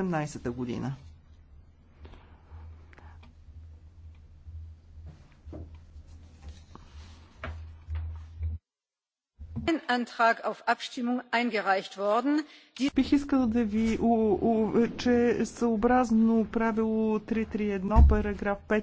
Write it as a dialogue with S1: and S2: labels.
S1: 2017 година.
S2: Бих искала да ви, че съобразно правило 331, параграф 5,